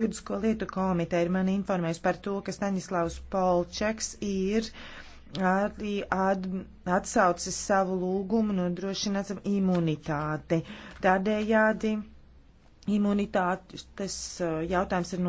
Juridisko lietu komiteja ir mani informējusi par to, ka Staņislavs Polčeks ir arī at, atsaucis savu lūgumu nodrošināt imunitāti. Tādējādi imunitātes uh, jautājums ir no.